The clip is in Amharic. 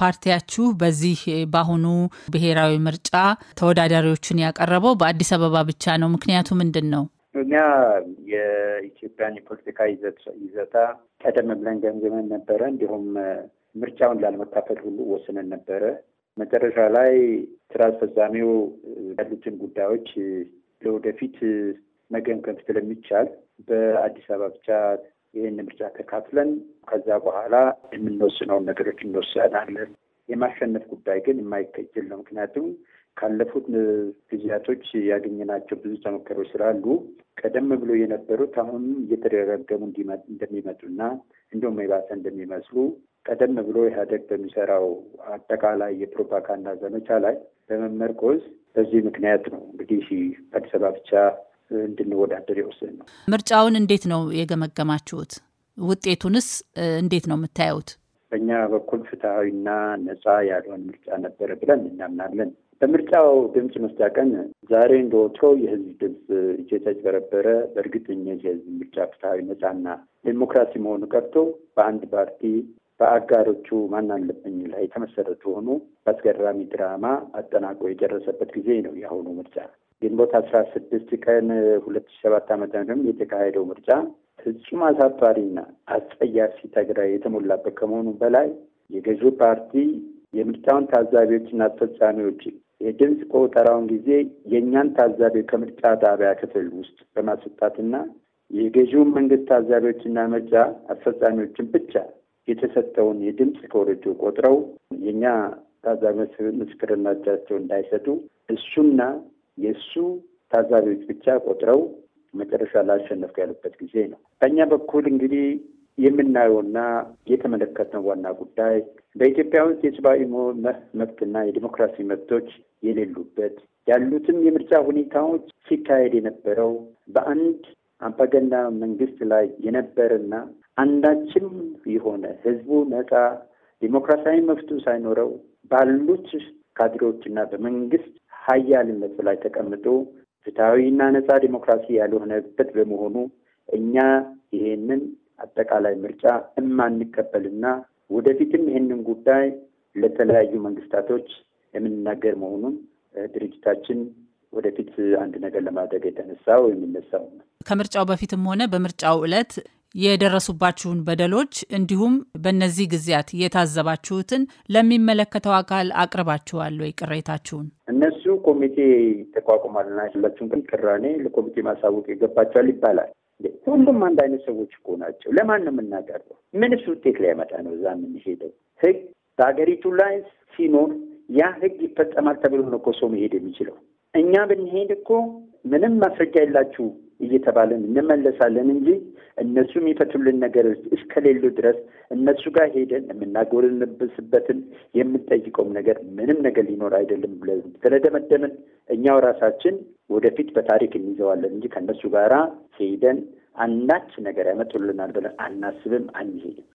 ፓርቲያችሁ በዚህ በአሁኑ ብሔራዊ ምርጫ ተወዳዳሪዎቹን ያቀረበው በአዲስ አበባ ብቻ ነው። ምክንያቱ ምንድን ነው? እኛ የኢትዮጵያን የፖለቲካ ይዘታ ቀደም ብለን ገምግመን ነበረ። እንዲሁም ምርጫውን ላለመካፈል ሁሉ ወስነን ነበረ። መጨረሻ ላይ ስራ አስፈጻሚው ያሉትን ጉዳዮች ለወደፊት መገምገም ስለሚቻል በአዲስ አበባ ብቻ ይህን ምርጫ ተካፍለን ከዛ በኋላ የምንወስነውን ነገሮች እንወስናለን። የማሸነፍ ጉዳይ ግን የማይከጅል ነው። ምክንያቱም ካለፉት ጊዜያቶች ያገኘናቸው ብዙ ተሞክሮች ስላሉ ቀደም ብሎ የነበሩት አሁንም እየተደረገሙ እንደሚመጡና እንደውም የባሰ እንደሚመስሉ ቀደም ብሎ ኢህአዴግ በሚሰራው አጠቃላይ የፕሮፓጋንዳ ዘመቻ ላይ በመመርኮዝ በዚህ ምክንያት ነው እንግዲህ አዲስ አበባ ብቻ እንድንወዳደር የወሰን ነው። ምርጫውን እንዴት ነው የገመገማችሁት? ውጤቱንስ እንዴት ነው የምታየውት? በእኛ በኩል ፍትሐዊና ነፃ ያልሆን ምርጫ ነበረ ብለን እናምናለን። በምርጫው ድምፅ መስጫ ቀን ዛሬ እንደ ወትሮ የህዝብ ድምፅ እየተጭበረበረ በእርግጠኛ የህዝብ ምርጫ ፍትሐዊ ነፃና ዴሞክራሲ መሆኑ ቀርቶ በአንድ ፓርቲ በአጋሮቹ ማን አለብኝ ላይ የተመሰረቱ ሆኖ በአስገራሚ ድራማ አጠናቆ የደረሰበት ጊዜ ነው የአሁኑ ምርጫ። ግንቦት አስራ ስድስት ቀን ሁለት ሺ ሰባት ዓመተ ምህረት የተካሄደው ምርጫ ፍጹም አሳፋሪና አስጸያፊ ተግራ የተሞላበት ከመሆኑ በላይ የገዢው ፓርቲ የምርጫውን ታዛቢዎችና አስፈጻሚዎች የድምፅ ቆጠራውን ጊዜ የእኛን ታዛቢ ከምርጫ ጣቢያ ክፍል ውስጥ በማስወጣትና የገዢውን መንግስት ታዛቢዎችና ምርጫ አስፈጻሚዎችን ብቻ የተሰጠውን የድምፅ ከወረጆ ቆጥረው የእኛ ታዛቢዎች ምስክርነታቸውን እንዳይሰጡ እሱና የእሱ ታዛቢዎች ብቻ ቆጥረው መጨረሻ ላይ አሸነፍኩ ያሉበት ጊዜ ነው። በእኛ በኩል እንግዲህ የምናየውና የተመለከትነው ዋና ጉዳይ በኢትዮጵያ ውስጥ የሰብአዊ መብትና የዲሞክራሲ መብቶች የሌሉበት ያሉትም የምርጫ ሁኔታዎች ሲካሄድ የነበረው በአንድ አምባገና መንግስት ላይ የነበረና አንዳችም የሆነ ህዝቡ ነጻ ዲሞክራሲያዊ መፍቱ ሳይኖረው ባሉት ካድሬዎችና በመንግስት ሀያልነት ላይ ተቀምጦ ፍትሐዊና ነጻ ዲሞክራሲ ያልሆነበት በመሆኑ እኛ ይሄንን አጠቃላይ ምርጫ እማንቀበልና ወደፊትም ይህንን ጉዳይ ለተለያዩ መንግስታቶች የምንናገር መሆኑን ድርጅታችን ወደፊት አንድ ነገር ለማድረግ የተነሳው የሚነሳው ከምርጫው በፊትም ሆነ በምርጫው እለት የደረሱባችሁን በደሎች እንዲሁም በእነዚህ ጊዜያት የታዘባችሁትን ለሚመለከተው አካል አቅርባችኋል ወይ? ቅሬታችሁን እነሱ ኮሚቴ ተቋቁሟልና ያላችሁን ቅራኔ ለኮሚቴ ማሳወቅ ይገባቸዋል ይባላል። ሁሉም አንድ አይነት ሰዎች እኮ ናቸው። ለማን ነው የምናቀርበው? ምንስ ውጤት ላይ ያመጣ ነው? እዛ የምንሄደው ህግ በሀገሪቱ ላይ ሲኖር ያ ህግ ይፈጸማል ተብሎ ነው እኮ ሰው መሄድ የሚችለው እኛ ብንሄድ እኮ ምንም ማስረጃ የላችሁ እየተባለን እንመለሳለን እንጂ እነሱ የሚፈቱልን ነገር እስከሌሉ ድረስ እነሱ ጋር ሄደን የምናጎልንብስበትን የምንጠይቀውም ነገር ምንም ነገር ሊኖር አይደለም ብለን ስለደመደምን እኛው ራሳችን ወደፊት በታሪክ እንይዘዋለን እንጂ ከእነሱ ጋራ ሄደን አንዳች ነገር ያመጡልናል ብለን አናስብም፣ አንሄድም።